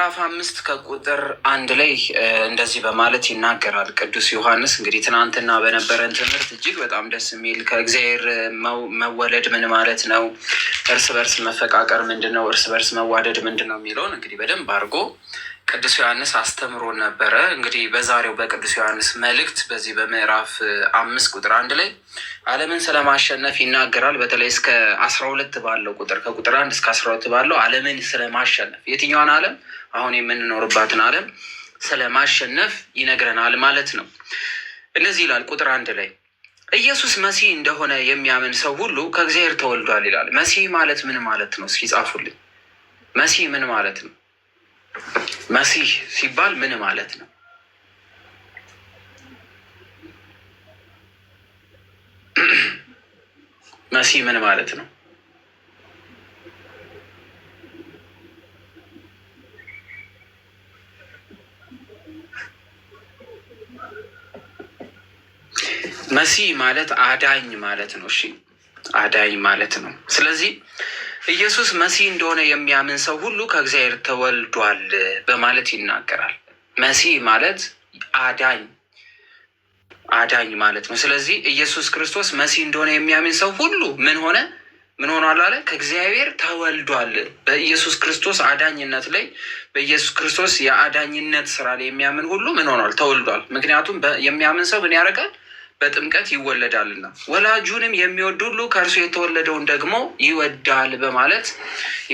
ምዕራፍ አምስት ከቁጥር አንድ ላይ እንደዚህ በማለት ይናገራል ቅዱስ ዮሐንስ። እንግዲህ ትናንትና በነበረን ትምህርት እጅግ በጣም ደስ የሚል ከእግዚአብሔር መወለድ ምን ማለት ነው፣ እርስ በርስ መፈቃቀር ምንድን ነው፣ እርስ በርስ መዋደድ ምንድን ነው የሚለውን እንግዲህ በደንብ አድርጎ ቅዱስ ዮሐንስ አስተምሮ ነበረ። እንግዲህ በዛሬው በቅዱስ ዮሐንስ መልእክት በዚህ በምዕራፍ አምስት ቁጥር አንድ ላይ ዓለምን ስለማሸነፍ ይናገራል። በተለይ እስከ አስራ ሁለት ባለው ቁጥር ከቁጥር አንድ እስከ አስራ ሁለት ባለው ዓለምን ስለማሸነፍ የትኛዋን ዓለም አሁን የምንኖርባትን ዓለም ስለማሸነፍ ይነግረናል ማለት ነው። እንደዚህ ይላል ቁጥር አንድ ላይ ኢየሱስ መሲህ እንደሆነ የሚያምን ሰው ሁሉ ከእግዚአብሔር ተወልዷል ይላል። መሲህ ማለት ምን ማለት ነው? እስኪ ጻፉልኝ። መሲህ ምን ማለት ነው? መሲህ ሲባል ምን ማለት ነው? መሲህ ምን ማለት ነው? መሲህ ማለት አዳኝ ማለት ነው። እሺ አዳኝ ማለት ነው። ስለዚህ ኢየሱስ መሲህ እንደሆነ የሚያምን ሰው ሁሉ ከእግዚአብሔር ተወልዷል በማለት ይናገራል። መሲህ ማለት አዳኝ አዳኝ ማለት ነው። ስለዚህ ኢየሱስ ክርስቶስ መሲህ እንደሆነ የሚያምን ሰው ሁሉ ምን ሆነ? ምን ሆኗል አለ? ከእግዚአብሔር ተወልዷል። በኢየሱስ ክርስቶስ አዳኝነት ላይ በኢየሱስ ክርስቶስ የአዳኝነት ስራ ላይ የሚያምን ሁሉ ምን ሆኗል? ተወልዷል። ምክንያቱም የሚያምን ሰው ምን ያደርጋል? በጥምቀት ይወለዳልና ወላጁንም የሚወድ ሁሉ ከእርሱ የተወለደውን ደግሞ ይወዳል በማለት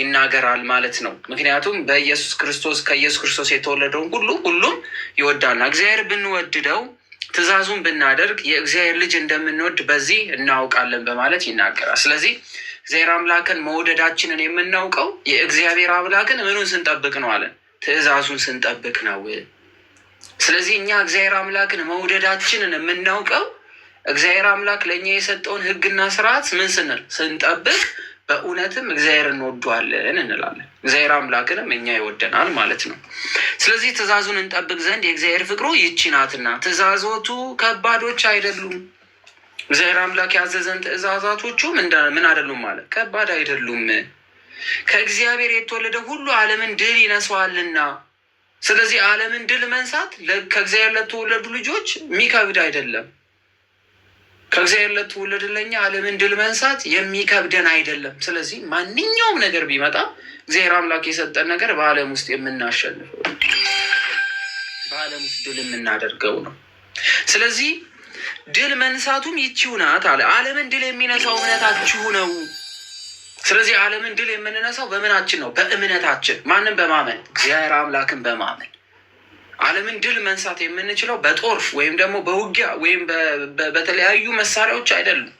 ይናገራል ማለት ነው። ምክንያቱም በኢየሱስ ክርስቶስ ከኢየሱስ ክርስቶስ የተወለደውን ሁሉ ሁሉም ይወዳልና እግዚአብሔር ብንወድደው ትእዛዙን ብናደርግ የእግዚአብሔር ልጅ እንደምንወድ በዚህ እናውቃለን በማለት ይናገራል። ስለዚህ እግዚአብሔር አምላክን መውደዳችንን የምናውቀው የእግዚአብሔር አምላክን ምኑን ስንጠብቅ ነው አለን? ትእዛዙን ስንጠብቅ ነው። ስለዚህ እኛ እግዚአብሔር አምላክን መውደዳችንን የምናውቀው እግዚአብሔር አምላክ ለእኛ የሰጠውን ህግና ስርዓት ምን ስንል ስንጠብቅ በእውነትም እግዚአብሔር እንወደዋለን እንላለን። እግዚአብሔር አምላክንም እኛ ይወደናል ማለት ነው። ስለዚህ ትእዛዙን እንጠብቅ ዘንድ የእግዚአብሔር ፍቅሩ ይቺ ናትና፣ ትእዛዞቱ ከባዶች አይደሉም። እግዚአብሔር አምላክ ያዘዘን ትእዛዛቶቹ ምን አይደሉም ማለት ከባድ አይደሉም። ከእግዚአብሔር የተወለደ ሁሉ ዓለምን ድል ይነሳዋልና። ስለዚህ ዓለምን ድል መንሳት ከእግዚአብሔር ለተወለዱ ልጆች የሚከብድ አይደለም። ከእግዚአብሔር ለትውልድ ዓለምን ድል መንሳት የሚከብደን አይደለም። ስለዚህ ማንኛውም ነገር ቢመጣ እግዚአብሔር አምላክ የሰጠን ነገር በዓለም ውስጥ የምናሸንፈው በዓለም ውስጥ ድል የምናደርገው ነው። ስለዚህ ድል መንሳቱም ይቺው ናት አለ። ዓለምን ድል የሚነሳው እምነታችሁ ነው። ስለዚህ ዓለምን ድል የምንነሳው በምናችን ነው? በእምነታችን። ማንም በማመን እግዚአብሔር አምላክን በማመን ዓለምን ድል መንሳት የምንችለው በጦርፍ ወይም ደግሞ በውጊያ ወይም በተለያዩ መሳሪያዎች አይደሉም።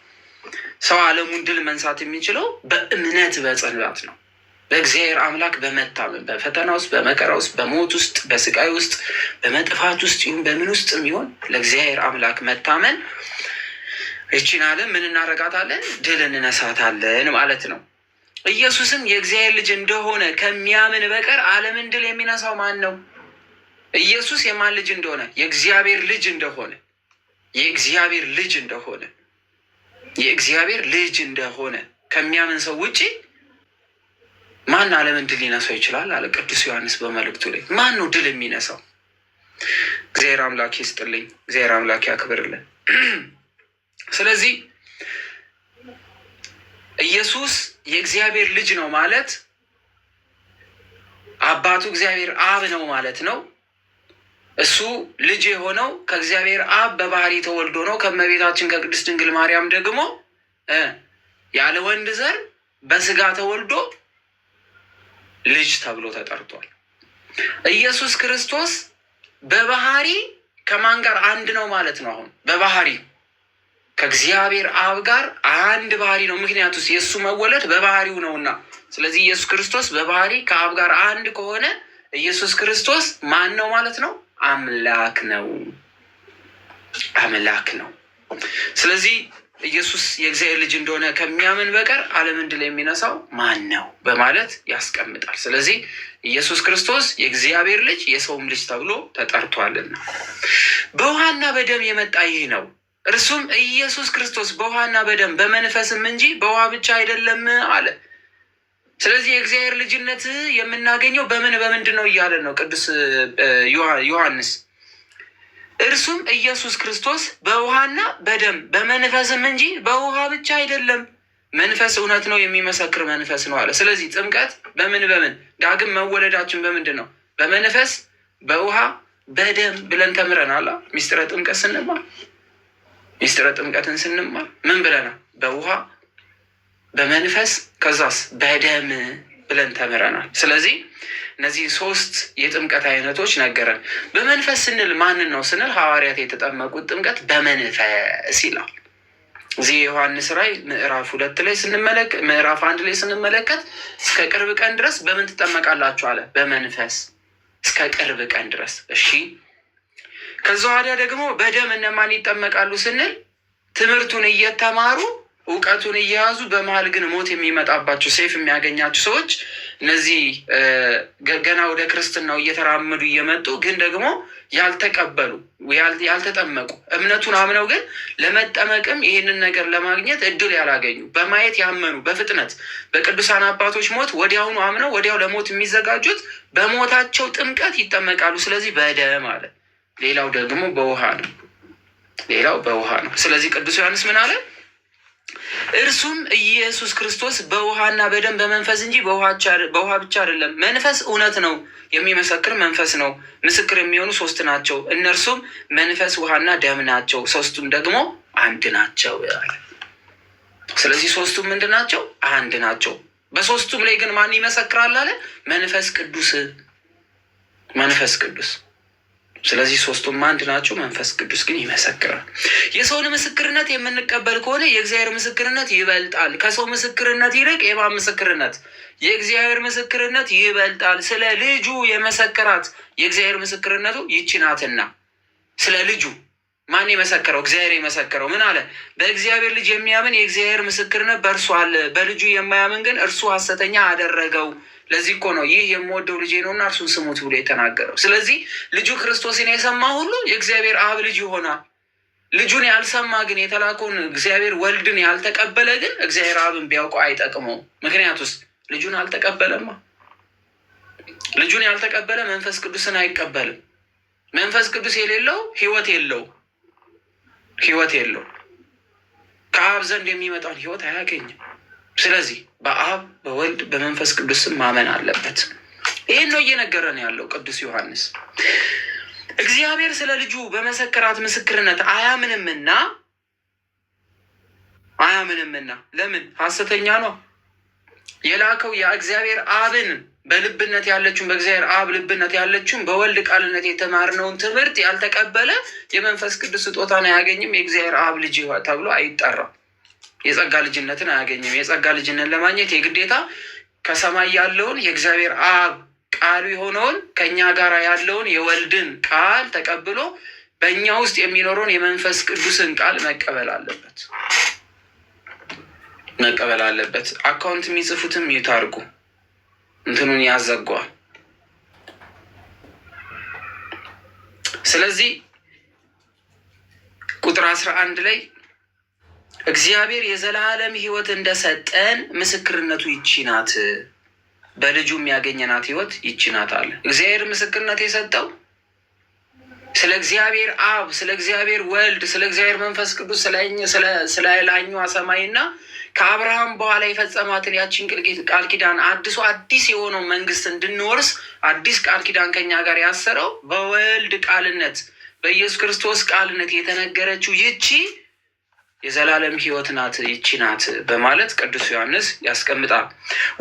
ሰው ዓለሙን ድል መንሳት የሚችለው በእምነት በጸሎት ነው። በእግዚአብሔር አምላክ በመታመን በፈተና ውስጥ፣ በመከራ ውስጥ፣ በሞት ውስጥ፣ በስቃይ ውስጥ፣ በመጥፋት ውስጥ ይሁን በምን ውስጥ የሚሆን ለእግዚአብሔር አምላክ መታመን ይችን ዓለም ምን እናረጋታለን? ድል እንነሳታለን ማለት ነው። ኢየሱስም የእግዚአብሔር ልጅ እንደሆነ ከሚያምን በቀር ዓለምን ድል የሚነሳው ማን ነው? ኢየሱስ የማን ልጅ እንደሆነ የእግዚአብሔር ልጅ እንደሆነ የእግዚአብሔር ልጅ እንደሆነ የእግዚአብሔር ልጅ እንደሆነ ከሚያምን ሰው ውጪ ማን ዓለምን ድል ሊነሳው ይችላል? አለ ቅዱስ ዮሐንስ በመልእክቱ ላይ። ማን ነው ድል የሚነሳው? እግዚአብሔር አምላክ ይስጥልኝ። እግዚአብሔር አምላክ ያክብርልን። ስለዚህ ኢየሱስ የእግዚአብሔር ልጅ ነው ማለት አባቱ እግዚአብሔር አብ ነው ማለት ነው። እሱ ልጅ የሆነው ከእግዚአብሔር አብ በባህሪ ተወልዶ ነው። ከእመቤታችን ከቅድስት ድንግል ማርያም ደግሞ ያለ ወንድ ዘር በስጋ ተወልዶ ልጅ ተብሎ ተጠርቷል። ኢየሱስ ክርስቶስ በባህሪ ከማን ጋር አንድ ነው ማለት ነው? አሁን በባህሪ ከእግዚአብሔር አብ ጋር አንድ ባህሪ ነው። ምክንያቱስ የእሱ መወለድ በባህሪው ነውና። ስለዚህ ኢየሱስ ክርስቶስ በባህሪ ከአብ ጋር አንድ ከሆነ ኢየሱስ ክርስቶስ ማን ነው ማለት ነው? አምላክ ነው፣ አምላክ ነው። ስለዚህ ኢየሱስ የእግዚአብሔር ልጅ እንደሆነ ከሚያምን በቀር ዓለምን ድል የሚነሳው ማን ነው በማለት ያስቀምጣል። ስለዚህ ኢየሱስ ክርስቶስ የእግዚአብሔር ልጅ የሰውም ልጅ ተብሎ ተጠርቷልና በውሃና በደም የመጣ ይህ ነው እርሱም ኢየሱስ ክርስቶስ በውሃና በደም በመንፈስም እንጂ በውሃ ብቻ አይደለም አለ። ስለዚህ የእግዚአብሔር ልጅነት የምናገኘው በምን በምንድን ነው እያለ ነው ቅዱስ ዮሐንስ። እርሱም ኢየሱስ ክርስቶስ በውሃና በደም በመንፈስም እንጂ በውሃ ብቻ አይደለም፣ መንፈስ እውነት ነው የሚመሰክር መንፈስ ነው አለ። ስለዚህ ጥምቀት በምን በምን ዳግም መወለዳችን በምንድን ነው? በመንፈስ በውሃ በደም ብለን ተምረናል። ሚስጥረ ጥምቀት ስንማር ሚስጥረ ጥምቀትን ስንማር ምን ብለናል? በውሃ በመንፈስ ከዛስ በደም ብለን ተምረናል። ስለዚህ እነዚህ ሶስት የጥምቀት አይነቶች ነገረን። በመንፈስ ስንል ማንን ነው ስንል ሐዋርያት የተጠመቁት ጥምቀት በመንፈስ ይላል። እዚህ የዮሐንስ ራይ ምዕራፍ ሁለት ላይ ስንመለከ ምዕራፍ አንድ ላይ ስንመለከት እስከ ቅርብ ቀን ድረስ በምን ትጠመቃላችሁ አለ። በመንፈስ እስከ ቅርብ ቀን ድረስ እሺ። ከዛ ወዲያ ደግሞ በደም እነማን ይጠመቃሉ ስንል ትምህርቱን እየተማሩ እውቀቱን እየያዙ በመሀል ግን ሞት የሚመጣባቸው ሴፍ የሚያገኛቸው ሰዎች እነዚህ ገና ወደ ክርስትናው እየተራመዱ እየመጡ ግን ደግሞ ያልተቀበሉ ያልተጠመቁ እምነቱን አምነው ግን ለመጠመቅም ይህንን ነገር ለማግኘት እድል ያላገኙ በማየት ያመኑ በፍጥነት በቅዱሳን አባቶች ሞት ወዲያውኑ አምነው ወዲያው ለሞት የሚዘጋጁት በሞታቸው ጥምቀት ይጠመቃሉ። ስለዚህ በደም አለ። ሌላው ደግሞ በውሃ ነው። ሌላው በውሃ ነው። ስለዚህ ቅዱስ ዮሐንስ ምን አለ? እርሱም ኢየሱስ ክርስቶስ በውሃና በደም በመንፈስ እንጂ በውሃ ብቻ አይደለም። መንፈስ እውነት ነው፣ የሚመሰክር መንፈስ ነው። ምስክር የሚሆኑ ሶስት ናቸው። እነርሱም መንፈስ፣ ውሃና ደም ናቸው። ሶስቱም ደግሞ አንድ ናቸው። ስለዚህ ሶስቱም ምንድን ናቸው? አንድ ናቸው። በሶስቱም ላይ ግን ማን ይመሰክራል አለ? መንፈስ ቅዱስ። መንፈስ ቅዱስ ስለዚህ ሶስቱም አንድ ናቸው። መንፈስ ቅዱስ ግን ይመሰክራል። የሰውን ምስክርነት የምንቀበል ከሆነ የእግዚአብሔር ምስክርነት ይበልጣል። ከሰው ምስክርነት ይልቅ የማን ምስክርነት? የእግዚአብሔር ምስክርነት ይበልጣል። ስለ ልጁ የመሰከራት የእግዚአብሔር ምስክርነቱ ይቺ ናትና ስለ ልጁ ማን የመሰከረው? እግዚአብሔር የመሰከረው። ምን አለ? በእግዚአብሔር ልጅ የሚያምን የእግዚአብሔር ምስክርነት በእርሱ አለ። በልጁ የማያምን ግን እርሱ ሐሰተኛ አደረገው። ለዚህ እኮ ነው ይህ የምወደው ልጄ ነው እና እርሱን ስሙት ብሎ የተናገረው። ስለዚህ ልጁ ክርስቶስን የሰማ ሁሉ የእግዚአብሔር አብ ልጅ ይሆናል። ልጁን ያልሰማ ግን የተላከውን እግዚአብሔር ወልድን ያልተቀበለ ግን እግዚአብሔር አብን ቢያውቀው አይጠቅመውም። ምክንያቱስ ልጁን አልተቀበለማ። ልጁን ያልተቀበለ መንፈስ ቅዱስን አይቀበልም። መንፈስ ቅዱስ የሌለው ህይወት የለው ህይወት የለው ከአብ ዘንድ የሚመጣውን ህይወት አያገኝም። ስለዚህ በአብ በወልድ በመንፈስ ቅዱስም ማመን አለበት። ይህን ነው እየነገረን ያለው ቅዱስ ዮሐንስ። እግዚአብሔር ስለ ልጁ በመሰከራት ምስክርነት አያምንምና አያምንምና ለምን ሐሰተኛ ነው። የላከው የእግዚአብሔር አብን በልብነት ያለችውን በእግዚአብሔር አብ ልብነት ያለችውን በወልድ ቃልነት የተማርነውን ትምህርት ያልተቀበለ የመንፈስ ቅዱስ ስጦታን አያገኝም፣ የእግዚአብሔር አብ ልጅ ተብሎ አይጠራም። የጸጋ ልጅነትን አያገኝም። የጸጋ ልጅነት ለማግኘት የግዴታ ከሰማይ ያለውን የእግዚአብሔር ቃሉ የሆነውን ከእኛ ጋር ያለውን የወልድን ቃል ተቀብሎ በእኛ ውስጥ የሚኖረውን የመንፈስ ቅዱስን ቃል መቀበል አለበት መቀበል አለበት። አካውንት የሚጽፉትም ይታርጉ፣ እንትኑን ያዘጓል። ስለዚህ ቁጥር አስራ አንድ ላይ እግዚአብሔር የዘላለም ህይወት እንደሰጠን ምስክርነቱ ይቺ ናት፣ በልጁ ያገኘናት ህይወት ይቺ ናት አለ። እግዚአብሔር ምስክርነት የሰጠው ስለ እግዚአብሔር አብ፣ ስለ እግዚአብሔር ወልድ፣ ስለ እግዚአብሔር መንፈስ ቅዱስ ስለ ላይኛዋ ሰማይና ከአብርሃም በኋላ የፈጸማትን ያችን ቃል ኪዳን አድሶ አዲስ የሆነው መንግስት እንድንወርስ አዲስ ቃል ኪዳን ከኛ ጋር ያሰረው በወልድ ቃልነት በኢየሱስ ክርስቶስ ቃልነት የተነገረችው ይቺ የዘላለም ህይወት ናት ይቺ ናት በማለት ቅዱስ ዮሐንስ ያስቀምጣል።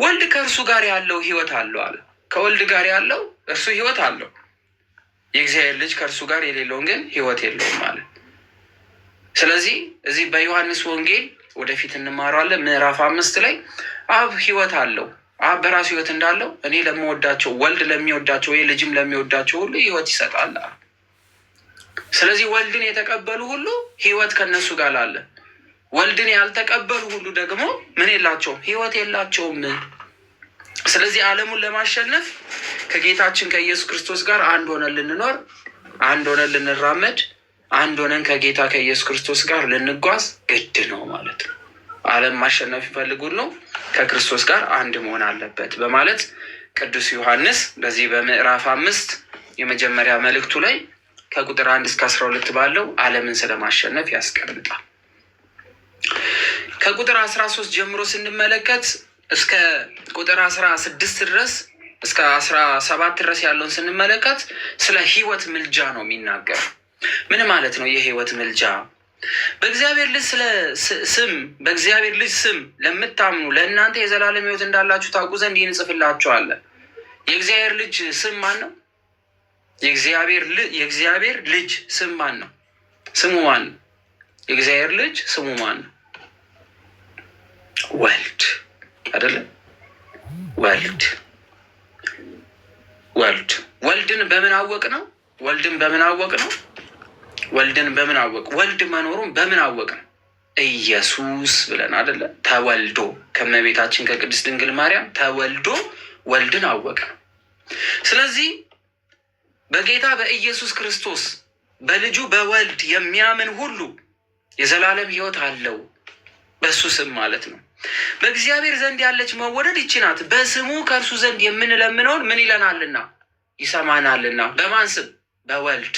ወልድ ከእርሱ ጋር ያለው ህይወት አለው አለ። ከወልድ ጋር ያለው እርሱ ህይወት አለው። የእግዚአብሔር ልጅ ከእርሱ ጋር የሌለውን ግን ህይወት የለውም አለ። ስለዚህ እዚህ በዮሐንስ ወንጌል ወደፊት እንማረዋለን ምዕራፍ አምስት ላይ አብ ህይወት አለው አብ በራሱ ህይወት እንዳለው እኔ ለምወዳቸው ወልድ ለሚወዳቸው ወይ ልጅም ለሚወዳቸው ሁሉ ህይወት ይሰጣል። ስለዚህ ወልድን የተቀበሉ ሁሉ ህይወት ከነሱ ጋር አለ። ወልድን ያልተቀበሉ ሁሉ ደግሞ ምን የላቸውም? ህይወት የላቸውም። ስለዚህ ዓለሙን ለማሸነፍ ከጌታችን ከኢየሱስ ክርስቶስ ጋር አንድ ሆነን ልንኖር፣ አንድ ሆነን ልንራመድ፣ አንድ ሆነን ከጌታ ከኢየሱስ ክርስቶስ ጋር ልንጓዝ ግድ ነው ማለት ነው። ዓለም ማሸነፍ ይፈልግ ነው ከክርስቶስ ጋር አንድ መሆን አለበት በማለት ቅዱስ ዮሐንስ በዚህ በምዕራፍ አምስት የመጀመሪያ መልእክቱ ላይ ከቁጥር አንድ እስከ አስራ ሁለት ባለው ዓለምን ስለማሸነፍ ያስቀምጣል። ከቁጥር አስራ ሶስት ጀምሮ ስንመለከት እስከ ቁጥር አስራ ስድስት ድረስ እስከ አስራ ሰባት ድረስ ያለውን ስንመለከት ስለ ህይወት ምልጃ ነው የሚናገር። ምን ማለት ነው የህይወት ምልጃ? በእግዚአብሔር ልጅ ስለ ስም በእግዚአብሔር ልጅ ስም ለምታምኑ ለእናንተ የዘላለም ህይወት እንዳላችሁ ታውቁ ዘንድ ይህን የእግዚአብሔር ልጅ ስም ማን ነው? የእግዚአብሔር ልጅ ስም ማን ነው? ስሙ ማን ነው? የእግዚአብሔር ልጅ ስሙ ማን ነው? ወልድ አይደለም? ወልድ ወልድ ወልድን በምን አወቅ ነው? ወልድን በምን አወቅ ነው? ወልድን በምን አወቅ ወልድ መኖሩን በምን አወቅ ነው? ኢየሱስ ብለን አደለ? ተወልዶ ከእመቤታችን ከቅድስት ድንግል ማርያም ተወልዶ ወልድን አወቀ። ስለዚህ በጌታ በኢየሱስ ክርስቶስ በልጁ በወልድ የሚያምን ሁሉ የዘላለም ህይወት አለው በእሱ ስም ማለት ነው። በእግዚአብሔር ዘንድ ያለች መወደድ ይቺ ናት። በስሙ ከእርሱ ዘንድ የምንለምነውን ምን ይለናልና ይሰማናልና። በማን ስም? በወልድ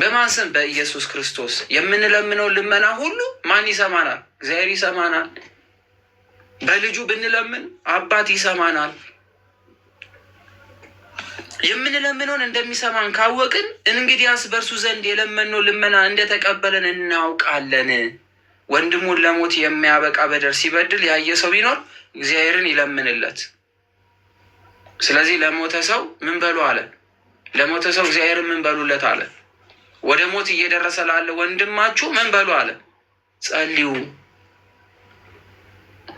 በማን ስም? በኢየሱስ ክርስቶስ የምንለምነው ልመና ሁሉ ማን ይሰማናል? እግዚአብሔር ይሰማናል። በልጁ ብንለምን አባት ይሰማናል። የምንለምነውን እንደሚሰማን ካወቅን እንግዲያስ በእርሱ ዘንድ የለመነው ልመና እንደተቀበለን እናውቃለን። ወንድሙን ለሞት የሚያበቃ በደር ሲበድል ያየ ሰው ቢኖር እግዚአብሔርን ይለምንለት። ስለዚህ ለሞተ ሰው ምን በሉ አለ። ለሞተ ሰው እግዚአብሔርን ምን በሉለት አለ። ወደ ሞት እየደረሰ ላለ ወንድማችሁ ምን በሉ አለ። ጸልዩ፣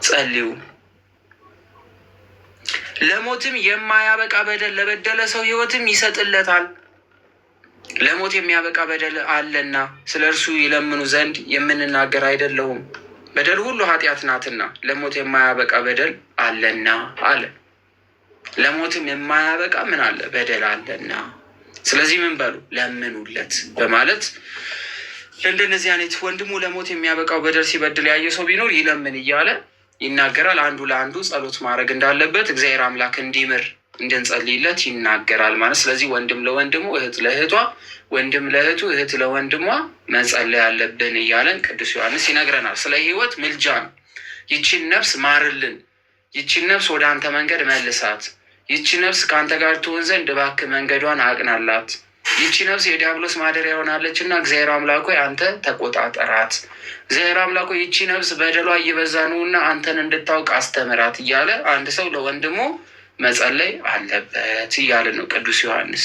ጸልዩ። ለሞትም የማያበቃ በደል ለበደለ ሰው ህይወትም ይሰጥለታል። ለሞት የሚያበቃ በደል አለና ስለ እርሱ ይለምኑ ዘንድ የምንናገር አይደለሁም። በደል ሁሉ ኃጢአት ናትና ለሞት የማያበቃ በደል አለና አለ። ለሞትም የማያበቃ ምን አለ? በደል አለና። ስለዚህ ምን በሉ ለምኑለት በማለት እንደነዚህ አይነት ወንድሙ ለሞት የሚያበቃው በደል ሲበድል ያየ ሰው ቢኖር ይለምን እያለ ይናገራል። አንዱ ለአንዱ ጸሎት ማድረግ እንዳለበት እግዚአብሔር አምላክ እንዲምር እንድንጸልይለት ይናገራል ማለት። ስለዚህ ወንድም ለወንድሙ፣ እህት ለእህቷ፣ ወንድም ለእህቱ፣ እህት ለወንድሟ መጸለይ አለብን እያለን ቅዱስ ዮሐንስ ይነግረናል። ስለ ህይወት ምልጃ ነው። ይቺን ነፍስ ማርልን፣ ይቺን ነፍስ ወደ አንተ መንገድ መልሳት፣ ይቺ ነፍስ ከአንተ ጋር ትሆን ዘንድ እባክህ መንገዷን አቅናላት ይቺ ነፍስ የዲያብሎስ ማደሪያ ሆናለች እና እግዚአብሔር አምላኮ አንተ ተቆጣጠራት። እግዚአብሔር አምላኮ ይቺ ነፍስ በደሏ እየበዛ ነው እና አንተን እንድታውቅ አስተምራት እያለ አንድ ሰው ለወንድሙ መጸለይ አለበት እያለ ነው ቅዱስ ዮሐንስ።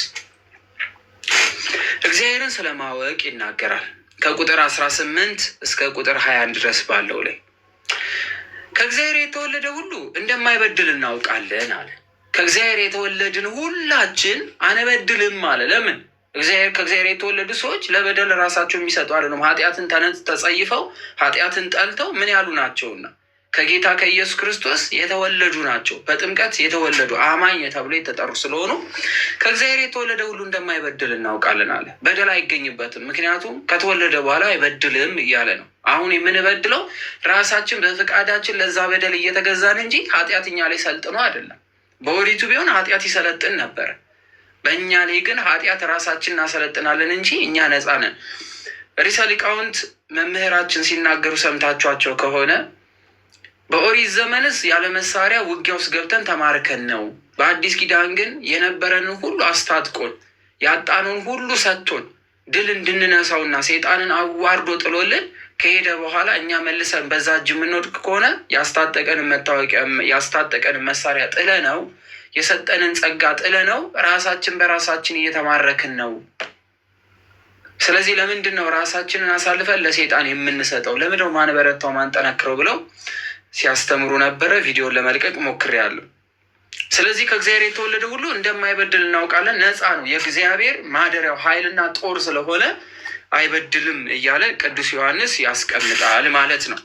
እግዚአብሔርን ስለማወቅ ይናገራል ከቁጥር አስራ ስምንት እስከ ቁጥር ሀያ አንድ ድረስ ባለው ላይ ከእግዚአብሔር የተወለደ ሁሉ እንደማይበድል እናውቃለን አለ። ከእግዚአብሔር የተወለድን ሁላችን አንበድልም አለ። ለምን? እግዚአብሔር ከእግዚአብሔር የተወለዱ ሰዎች ለበደል ራሳቸው የሚሰጡ አይደለም። ኃጢአትን ተነት ተጸይፈው ኃጢአትን ጠልተው ምን ያሉ ናቸውና ከጌታ ከኢየሱስ ክርስቶስ የተወለዱ ናቸው። በጥምቀት የተወለዱ አማኝ ተብሎ የተጠሩ ስለሆኑ ከእግዚአብሔር የተወለደ ሁሉ እንደማይበድል እናውቃለን አለ። በደል አይገኝበትም፣ ምክንያቱም ከተወለደ በኋላ አይበድልም እያለ ነው። አሁን የምንበድለው ራሳችን በፍቃዳችን ለዛ በደል እየተገዛን እንጂ ኃጢአት እኛ ላይ ሰልጥኖ አይደለም። በወዲቱ ቢሆን ኃጢአት ይሰለጥን ነበር። በእኛ ላይ ግን ኃጢአት ራሳችን እናሰለጥናለን እንጂ እኛ ነፃ ነን። ርዕሰ ሊቃውንት መምህራችን ሲናገሩ ሰምታችኋቸው ከሆነ በኦሪት ዘመንስ ያለ መሳሪያ ውጊያ ውስጥ ገብተን ተማርከን ነው። በአዲስ ኪዳን ግን የነበረንን ሁሉ አስታጥቆን ያጣኑን ሁሉ ሰጥቶን ድል እንድንነሳውና ሰይጣንን አዋርዶ ጥሎልን ከሄደ በኋላ እኛ መልሰን በዛ እጅ የምንወድቅ ከሆነ ያስታጠቀንን መታወቂያ ያስታጠቀንን መሳሪያ ጥለ ነው የሰጠንን ጸጋ ጥለ ነው ራሳችን በራሳችን እየተማረክን ነው። ስለዚህ ለምንድን ነው ራሳችንን አሳልፈን ለሴጣን የምንሰጠው? ለምንድነው ማንበረታው ማንጠነክረው ብለው ሲያስተምሩ ነበረ። ቪዲዮን ለመልቀቅ ሞክሬያለሁ። ስለዚህ ከእግዚአብሔር የተወለደ ሁሉ እንደማይበድል እናውቃለን። ነፃ ነው። የእግዚአብሔር ማደሪያው ኃይልና ጦር ስለሆነ አይበድልም እያለ ቅዱስ ዮሐንስ ያስቀምጣል ማለት ነው።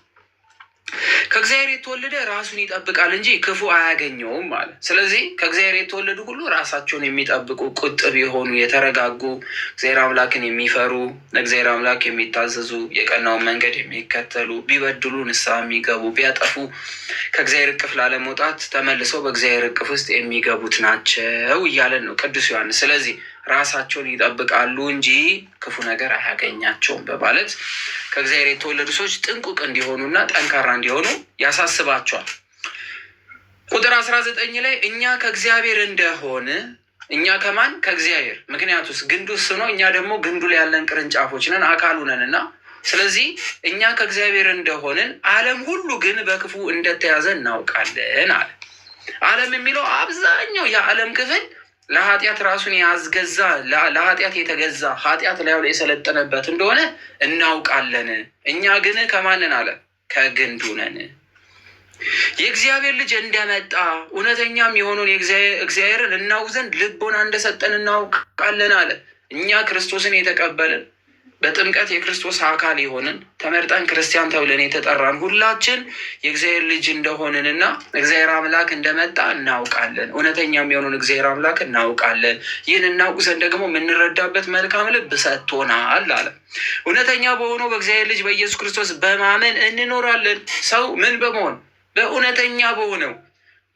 ከእግዚአብሔር የተወለደ ራሱን ይጠብቃል እንጂ ክፉ አያገኘውም ማለት። ስለዚህ ከእግዚአብሔር የተወለዱ ሁሉ ራሳቸውን የሚጠብቁ ቁጥብ የሆኑ የተረጋጉ፣ እግዚአብሔር አምላክን የሚፈሩ፣ ለእግዚአብሔር አምላክ የሚታዘዙ፣ የቀናውን መንገድ የሚከተሉ፣ ቢበድሉ ንስሐ የሚገቡ፣ ቢያጠፉ ከእግዚአብሔር እቅፍ ላለመውጣት ተመልሰው በእግዚአብሔር እቅፍ ውስጥ የሚገቡት ናቸው እያለን ነው ቅዱስ ዮሐንስ። ስለዚህ ራሳቸውን ይጠብቃሉ እንጂ ክፉ ነገር አያገኛቸውም በማለት ከእግዚአብሔር የተወለዱ ሰዎች ጥንቁቅ እንዲሆኑና ጠንካራ እንዲሆኑ ያሳስባቸዋል። ቁጥር አስራ ዘጠኝ ላይ እኛ ከእግዚአብሔር እንደሆን እኛ ከማን ከእግዚአብሔር ምክንያቱስ ግንዱ እሱ ነው እኛ ደግሞ ግንዱ ላይ ያለን ቅርንጫፎች ነን አካሉ ነን እና ስለዚህ እኛ ከእግዚአብሔር እንደሆንን ዓለም ሁሉ ግን በክፉ እንደተያዘ እናውቃለን አለ ዓለም የሚለው አብዛኛው የዓለም ክፍል ለኃጢአት ራሱን ያስገዛ ለኃጢአት የተገዛ ኃጢአት ላዩ ላይ የሰለጠነበት እንደሆነ እናውቃለን። እኛ ግን ከማንን አለ? ከግንዱ ነን። የእግዚአብሔር ልጅ እንደመጣ እውነተኛም የሆኑን እግዚአብሔርን እናውቅ ዘንድ ልቦና እንደሰጠን እናውቃለን አለ። እኛ ክርስቶስን የተቀበልን በጥምቀት የክርስቶስ አካል የሆንን ተመርጠን ክርስቲያን ተብለን የተጠራን ሁላችን የእግዚአብሔር ልጅ እንደሆንንና እግዚአብሔር አምላክ እንደመጣ እናውቃለን። እውነተኛ የሚሆኑን እግዚአብሔር አምላክ እናውቃለን። ይህን እናውቅ ዘንድ ደግሞ የምንረዳበት መልካም ልብ ሰጥቶናል አለ። እውነተኛ በሆነው በእግዚአብሔር ልጅ በኢየሱስ ክርስቶስ በማመን እንኖራለን። ሰው ምን በመሆን በእውነተኛ በሆነው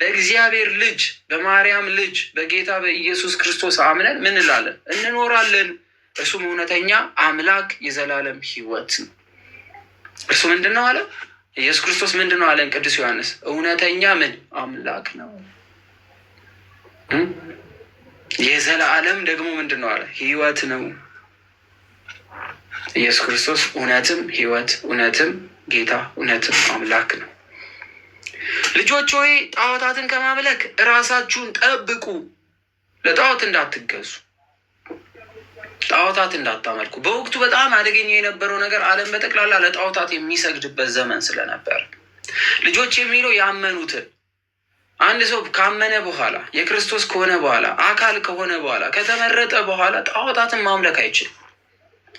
በእግዚአብሔር ልጅ በማርያም ልጅ በጌታ በኢየሱስ ክርስቶስ አምነን ምን እንላለን? እንኖራለን። እርሱም እውነተኛ አምላክ የዘላለም ህይወት ነው። እርሱ ምንድን ነው አለ? ኢየሱስ ክርስቶስ ምንድን ነው አለን? ቅዱስ ዮሐንስ እውነተኛ ምን አምላክ ነው። የዘላለም ደግሞ ምንድን ነው አለ? ህይወት ነው። ኢየሱስ ክርስቶስ እውነትም ህይወት እውነትም ጌታ እውነትም አምላክ ነው። ልጆች ሆይ ጣዖታትን ከማምለክ እራሳችሁን ጠብቁ፣ ለጣዖት እንዳትገዙ። ጣዖታት እንዳታመልኩ። በወቅቱ በጣም አደገኛ የነበረው ነገር ዓለም በጠቅላላ ለጣዖታት የሚሰግድበት ዘመን ስለነበር ልጆች የሚለው ያመኑትን አንድ ሰው ካመነ በኋላ የክርስቶስ ከሆነ በኋላ አካል ከሆነ በኋላ ከተመረጠ በኋላ ጣዖታትን ማምለክ አይችልም።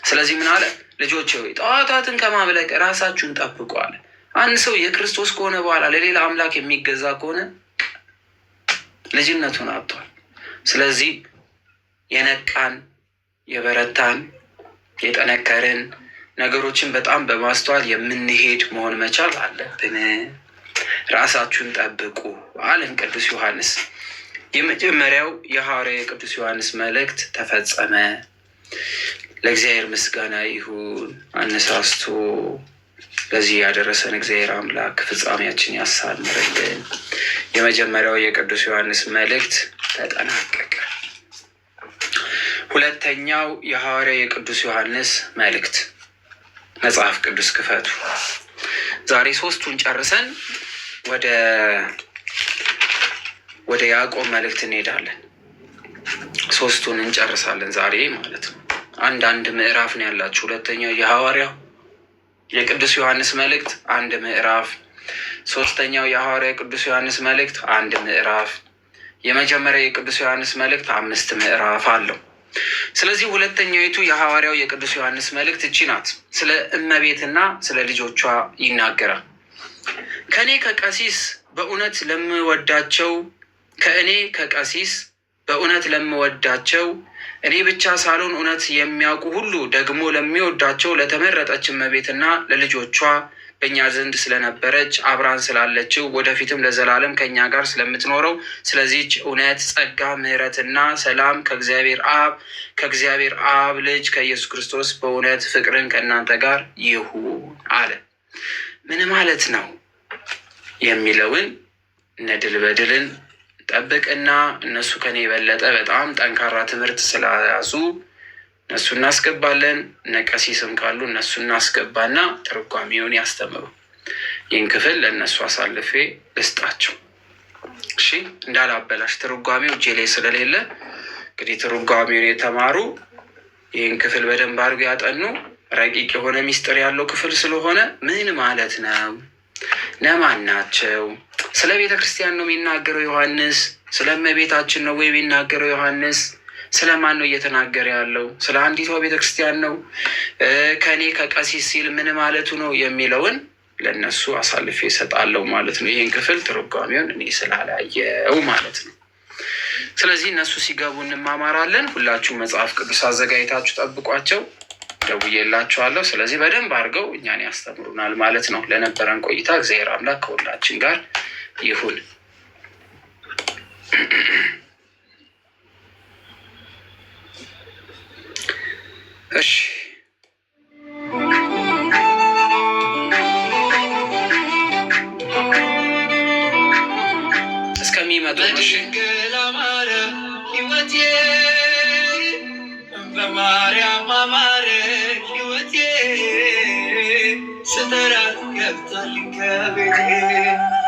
ስለዚህ ምን አለ? ልጆች ሆይ ጣዖታትን ከማምለክ ራሳችሁን ጠብቁ አለ። አንድ ሰው የክርስቶስ ከሆነ በኋላ ለሌላ አምላክ የሚገዛ ከሆነ ልጅነቱን አጥቷል። ስለዚህ የነቃን የበረታን የጠነከርን ነገሮችን በጣም በማስተዋል የምንሄድ መሆን መቻል አለብን። ራሳችሁን ጠብቁ አለን ቅዱስ ዮሐንስ። የመጀመሪያው የሐዋርያ የቅዱስ ዮሐንስ መልእክት ተፈጸመ። ለእግዚአብሔር ምስጋና ይሁን። አነሳስቶ ለዚህ ያደረሰን እግዚአብሔር አምላክ ፍጻሜያችን ያሳምርልን። የመጀመሪያው የቅዱስ ዮሐንስ መልእክት ተጠናቀቀ። ሁለተኛው የሐዋርያ የቅዱስ ዮሐንስ መልእክት መጽሐፍ ቅዱስ ክፈቱ። ዛሬ ሶስቱን ጨርሰን ወደ ወደ ያዕቆብ መልእክት እንሄዳለን። ሶስቱን እንጨርሳለን ዛሬ ማለት ነው። አንዳንድ ምዕራፍ ነው ያላችሁ። ሁለተኛው የሐዋርያው የቅዱስ ዮሐንስ መልእክት አንድ ምዕራፍ፣ ሶስተኛው የሐዋርያ የቅዱስ ዮሐንስ መልእክት አንድ ምዕራፍ፣ የመጀመሪያ የቅዱስ ዮሐንስ መልእክት አምስት ምዕራፍ አለው። ስለዚህ ሁለተኛይቱ የሐዋርያው የቅዱስ ዮሐንስ መልእክት እቺ ናት። ስለ እመቤትና ስለ ልጆቿ ይናገራል። ከእኔ ከቀሲስ በእውነት ለምወዳቸው ከእኔ ከቀሲስ በእውነት ለምወዳቸው እኔ ብቻ ሳልሆን እውነት የሚያውቁ ሁሉ ደግሞ ለሚወዳቸው ለተመረጠች እመቤትና ለልጆቿ በእኛ ዘንድ ስለነበረች አብራን ስላለችው ወደፊትም ለዘላለም ከእኛ ጋር ስለምትኖረው ስለዚች እውነት ጸጋ፣ ምሕረትና ሰላም ከእግዚአብሔር አብ ከእግዚአብሔር አብ ልጅ ከኢየሱስ ክርስቶስ በእውነት ፍቅርን ከእናንተ ጋር ይሁን አለ። ምን ማለት ነው የሚለውን እነ ድል በድልን ጠብቅና እነሱ ከኔ የበለጠ በጣም ጠንካራ ትምህርት ስለያዙ እነሱ እናስገባለን። ነቀሲስም ካሉ እነሱ እናስገባና ትርጓሚውን ያስተምሩ። ይህን ክፍል ለእነሱ አሳልፌ ልስጣቸው። እሺ እንዳላበላሽ፣ ትርጓሚው እጄ ላይ ስለሌለ እንግዲህ ትርጓሚውን የተማሩ ይህን ክፍል በደንብ አድርገው ያጠኑ። ረቂቅ የሆነ ሚስጥር ያለው ክፍል ስለሆነ ምን ማለት ነው? ለማን ናቸው? ስለ ቤተ ክርስቲያን ነው የሚናገረው ዮሐንስ? ስለ እመቤታችን ነው ወይ የሚናገረው ዮሐንስ? ስለማን ነው እየተናገረ ያለው? ስለ አንዲቷ ቤተክርስቲያን ነው? ከኔ ከቀሲስ ሲል ምን ማለቱ ነው የሚለውን ለእነሱ አሳልፌ እሰጣለሁ ማለት ነው። ይህን ክፍል ትርጓሜውን እኔ ስላላየው ማለት ነው። ስለዚህ እነሱ ሲገቡ እንማማራለን። ሁላችሁ መጽሐፍ ቅዱስ አዘጋጅታችሁ ጠብቋቸው። ደውዬላችኋለሁ። ስለዚህ በደንብ አድርገው እኛን ያስተምሩናል ማለት ነው። ለነበረን ቆይታ እግዚአብሔር አምላክ ከሁላችን ጋር ይሁን። እሺ እስከሚመጡ በማርያም አማረ ስተራት ከቤቴ